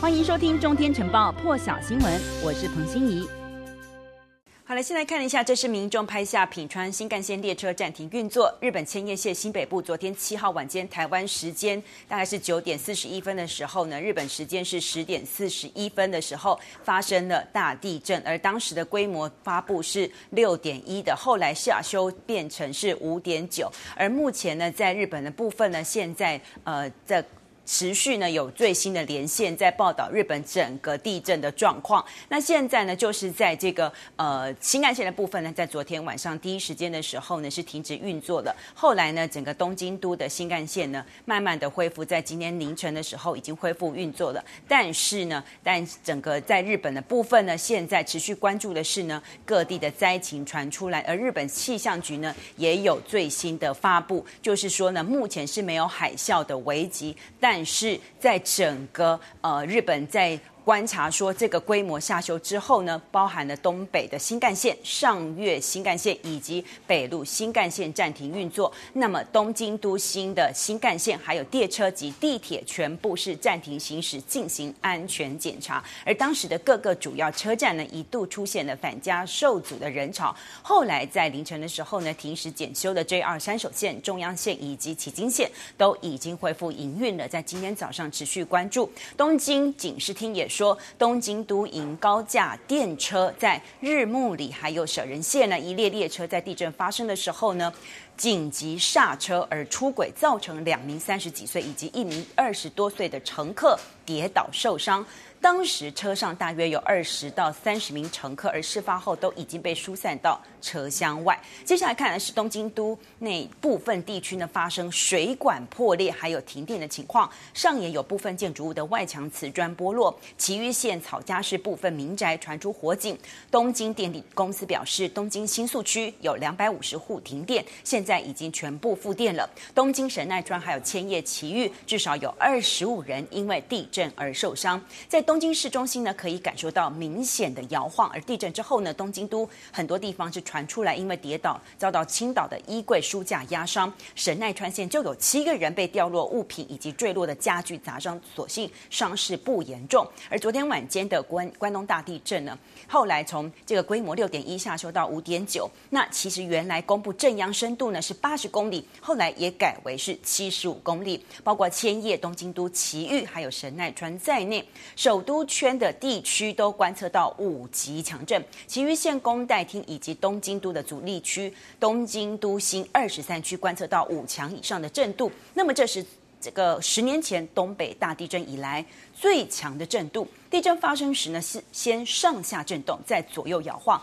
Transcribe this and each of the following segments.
歡迎收聽《中天晨報》破曉新聞，我是彭心怡。好了，先來看一下，這是民眾拍下品川新幹線列車暫停運作。日本千葉縣西北部昨天七號晚間台灣時間大概是九點四十一分的時候呢，日本時間是十點四十一分的時候發生了大地震，而當時的規模發布是六點一的，後來下修變成是五點九，而目前呢，在日本的部分呢，現在呃在。持續呢有最新的連線在報道日本整個地震的狀況。那現在呢，就是在這個呃新幹線的部分呢，在昨天晚上第一時間的時候呢是停止運作了。後來呢，整個東京都的新幹線呢，慢慢的恢復，在今天凌晨的時候已經恢復運作了。但是呢，但整個在日本的部分呢，現在持續關注的是呢各地的災情傳出來，而日本氣象局呢也有最新的發布，就是說呢目前是沒有海嘯的危機，但但是在整個呃，日本在。觀察說，這個規模下修之後呢，包含了東北的新幹線、上越新幹線以及北陸新幹線暫停運作。那麼，東京都心的新幹線還有列車及地鐵全部是暫停行駛，進行安全檢查。而當時的各個主要車站呢，一度出現了返家受阻的人潮。後來在凌晨的時候呢，停駛檢修的 JR 山手線、中央線以及埼京線都已經恢復營運了。在今天早上持續關注，東京警視廳也。說，東京都營高架電車在日暮里還有舍人線呢，一列列車在地震發生的時候呢，緊急剎車而出軌，造成兩名三十幾歲以及一名二十多歲的乘客跌倒受傷。當時車上大約有二十到三十名乘客，而事發後都已經被疏散到車廂外。接下來看來是東京都內部分地區呢，發生水管破裂，還有停電的情況。上野有部分建築物的外牆瓷磚剝落，埼玉縣草加市部分民宅傳出火警。東京電力公司表示，東京新宿區有兩百五十戶停電，現在已經全部復電了。東京神奈川還有千葉埼玉，至少有二十五人因為地震而受傷。在東京市中心呢，可以感受到明顯的搖晃。而地震之後呢，東京都很多地方是傳出來，因為跌倒遭到傾倒的衣櫃、書架壓傷。神奈川縣就有七個人被掉落物品以及墜落的家具砸傷，所幸傷勢不嚴重。而昨天晚間的關關東大地震呢，後來從這個規模六點一下修到五點九。那其實原來公布震央深度呢是八十公里，後來也改為是七十五公里。包括千葉、東京都、埼玉還有神奈川在內受。首都圈的地區都觀測到五級強震，埼玉縣宮代町以及東京都的足立區，東京都心二十三區觀測到五強以上的震度。那麼這是這個十年前東北大地震以來最強的震度。地震發生時呢，是先上下震動，再左右搖晃。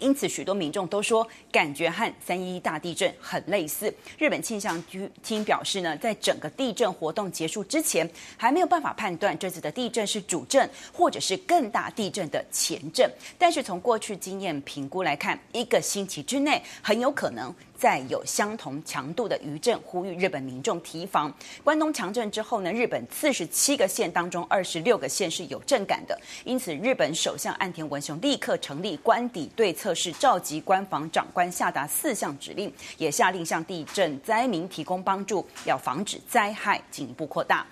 因此，許多民眾都說感覺和三一一大地震很類似。日本氣象局廳表示呢，在整個地震活動結束之前，還沒有辦法判斷這次的地震是主震或者是更大地震的前震。但是從過去經驗評估來看，一個星期之內很有可能。再有相同強度的餘震，呼籲日本民眾提防。關東強震之後呢，日本四十七個縣當中，二十六個縣是有震感的。因此，日本首相岸田文雄立刻成立官邸對策室，召集官房長官下達四項指令，也下令向地震災民提供幫助，要防止災害進一步擴大。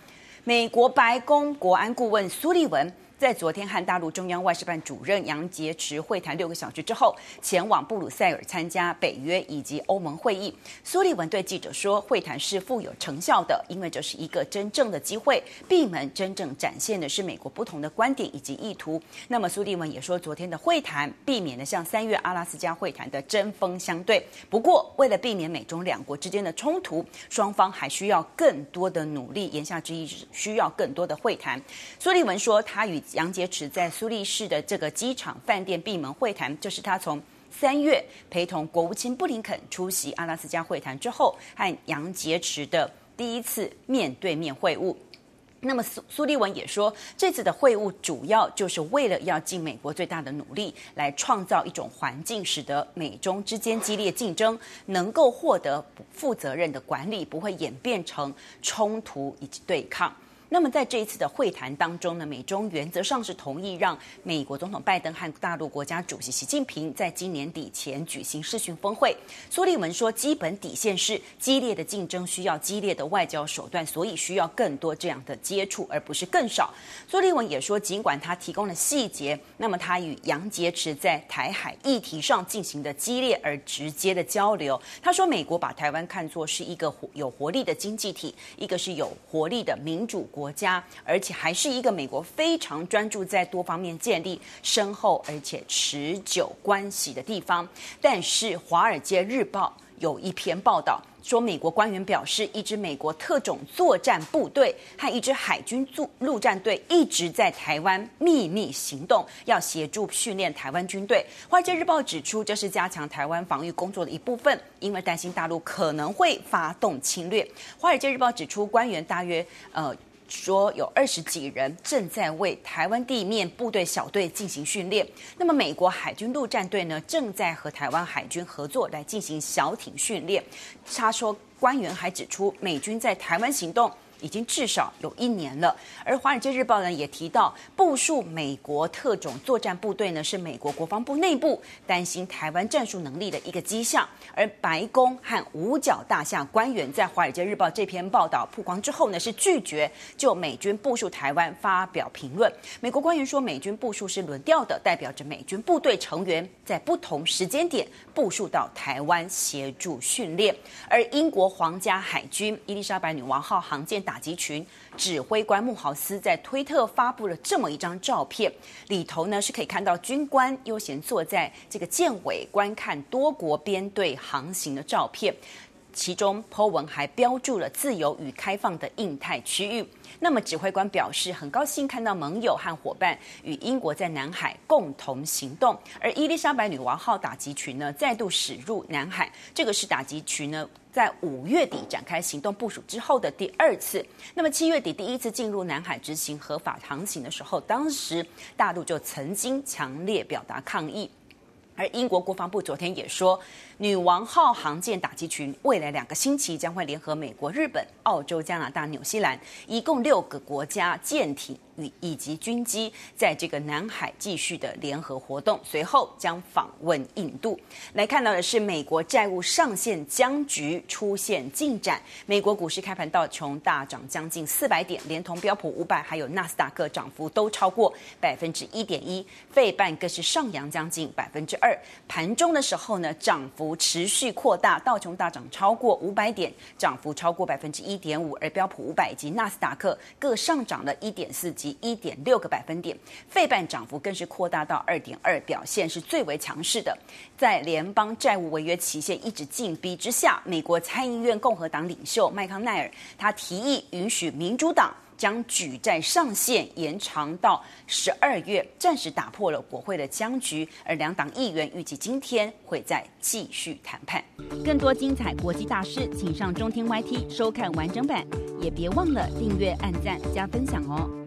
美國白宮國安顧問蘇利文。在昨天和大陸中央外事辦主任楊潔篪會談六個小時之後，前往布魯塞爾參加北約以及歐盟會議。蘇利文對記者說，會談是富有成效的，因為這是一個真正的機會，閉門真正展現的是美國不同的觀點以及意圖。那麼，蘇利文也說，昨天的會談避免了像三月阿拉斯加會談的針鋒相對。不過，為了避免美中兩國之間的衝突，雙方還需要更多的努力。言下之意是需要更多的會談。蘇利文說，他與。楊潔篪在蘇黎世的這個機場飯店閉門會談，就是他從三月陪同國務卿布林肯出席阿拉斯加會談之後，和楊潔篪的第一次面對面會晤。那麼蘇蘇利文也說，這次的會晤主要就是為了要盡美國最大的努力，來創造一種環境，使得美中之間激烈競爭能夠獲得負責任的管理，不會演變成衝突以及對抗。那麼在這一次的會談當中呢，美中原則上是同意讓美國總統拜登和大陸國家主席習近平在今年底前舉行視訊峰會。蘇利文說，基本底線是激烈的競爭需要激烈的外交手段，所以需要更多這樣的接觸，而不是更少。蘇利文也說，儘管他提供了細節，那麼他與楊潔篪在台海議題上進行的激烈而直接的交流。他說，美國把台灣看作是一個有活力的經濟體，一個是有活力的民主國。國家，而且還是一個美國非常專注在多方面建立深厚而且持久關係的地方。但是，《華爾街日報》有一篇報道說，美國官員表示，一支美國特種作戰部隊和一支海軍陸戰隊一直在台灣秘密行動，要協助訓練台灣軍隊。《華爾街日報》指出，這是加強台灣防禦工作的一部分，因為擔心大陸可能會發動侵略。《華爾街日報》指出，官員大約呃。說有二十幾人正在為台灣地面部隊小隊進行訓練。那麼，美國海軍陸戰隊呢，正在和台灣海軍合作來進行小艇訓練。他說，官員還指出，美軍在台灣行動。已經至少有一年了。而《華爾街日報》呢也提到，部署美國特種作戰部隊呢是美國國防部內部擔心台灣戰術能力的一個跡象。而白宮和五角大廈官員在《華爾街日報》這篇報道曝光之後呢，是拒絕就美軍部署台灣發表評論。美國官員說，美軍部署是輪調的，代表着美軍部隊成員在不同時間點部署到台灣協助訓練。而英國皇家海軍伊麗莎白女王號航艦打擊群指揮官慕豪思在推特發布了這麼一張照片，裡頭呢是可以看到軍官悠閒坐在這個艦尾觀看多國編隊航行的照片，其中 po 文還標註了“自由與開放的印太區域”。那麼指揮官表示，很高興看到盟友和夥伴與英國在南海共同行動。而伊麗莎白女王號打擊群呢，再度駛入南海。這個是打擊群呢。在五月底展開行動部署之後的第二次，那麼七月底第一次進入南海執行合法航行的時候，當時大陸就曾經強烈表達抗議，而英國國防部昨天也說，女王號航艦打擊群未來兩個星期將會聯合美國、日本、澳洲、加拿大、紐西蘭，一共六個國家艦艇。以及軍機在這個南海繼續的聯合活動，隨後將訪問印度。來看到的是美國債務上限僵局出現進展。美國股市開盤道瓊大漲將近四百點，連同標普五百還有納斯達克漲幅都超過百分之一點一，費半更是上揚將近百分之二。盤中的時候呢，漲幅持續擴大，道瓊大漲超過五百點，漲幅超過百分之一點五，而標普五百以及納斯達克各上漲了一點四及。一點六個百分點，費半漲幅更是擴大到二點二，表現是最為強勢的。在聯邦債務違約期限一直緊逼之下，美國參議院共和黨領袖麥康奈爾他提議允許民主黨將舉債上限延長到十二月，暫時打破了國會的僵局。而兩黨議員預計今天會再繼續談判。更多精彩國際大事，請上中天 Y T 收看完整版，也別忘了訂閱、按讚、加分享哦。